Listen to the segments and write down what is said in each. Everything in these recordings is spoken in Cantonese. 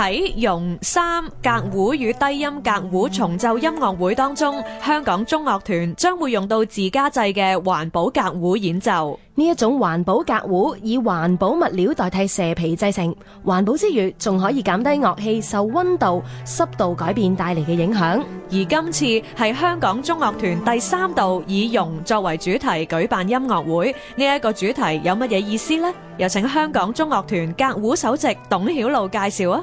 喺融三革胡與低音革胡重奏音樂會當中，香港中樂團將會用到自家製嘅環保革胡演奏。呢一種環保革胡以環保物料代替蛇皮製成，環保之餘仲可以減低樂器受溫度、濕度改變帶嚟嘅影響。而今次係香港中樂團第三度以融作為主題舉辦音樂會。呢、這、一個主題有乜嘢意思呢？有請香港中樂團革胡首席董曉露介紹啊！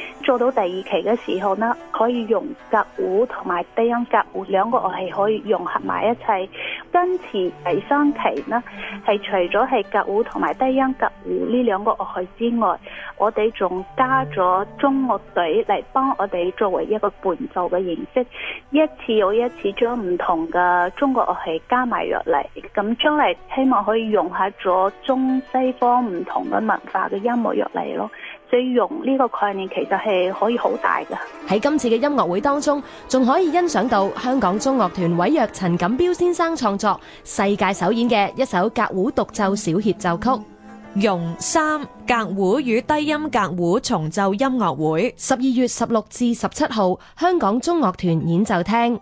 做到第二期嘅時候呢，可以用革胡同埋低音革胡兩個樂器可以融合埋一齊。跟住第三期呢，係除咗係革胡同埋低音革胡呢兩個樂器之外，我哋仲加咗中樂隊嚟幫我哋作為一個伴奏嘅形式。一次又一次將唔同嘅中國樂器加埋入嚟，咁將嚟希望可以融合咗中西方唔同嘅文化嘅音樂入嚟咯。運用呢個概念其實係可以好大噶。喺今次嘅音樂會當中，仲可以欣賞到香港中樂團委約陳錦彪先生創作世界首演嘅一首革胡獨奏小協奏曲《容三革胡與低音革胡重奏音樂會》，十二月十六至十七號香港中樂團演奏廳。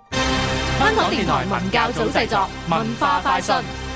香港電台文教組製作，文化快訊。